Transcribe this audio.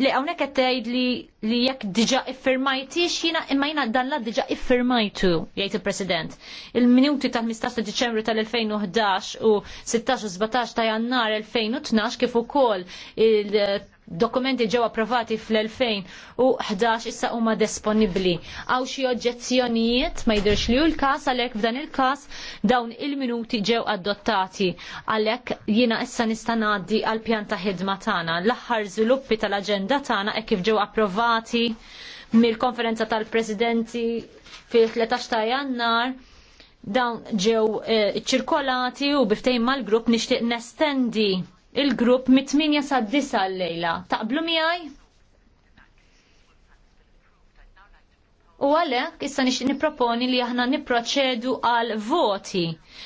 li hawnhekk qed tgħid li jekk diġà iffirmajtix jiena imma jiena dan la diġà iffirmajtu jgħid il-President. Il-minuti ta' 15 Diċembru tal-2011 u 16 17 ta' Jannar 2012 kif ukoll il dokumenti ġew approvati fl-2011 issa huma disponibbli. Għaw xi oġġezzjonijiet ma jidhirx li hu l-każ għalhekk f'dan il-każ dawn il-minuti ġew adottati għalhekk jiena issa nista' ngħaddi għall pjan ta' ħidma tagħna. L-aħħar żviluppi tal-aġenda tagħna hekk kif ġew approvati mill-konferenza tal-presidenti fil-13 ta' jannar dawn ġew eh, ċirkolati u biftejn mal-grupp nixtieq nestendi il-grupp mit-8 sa' 9 l-lejla. Taqblu miħaj? U għalek, issa nix niproponi li aħna niproċedu għal voti.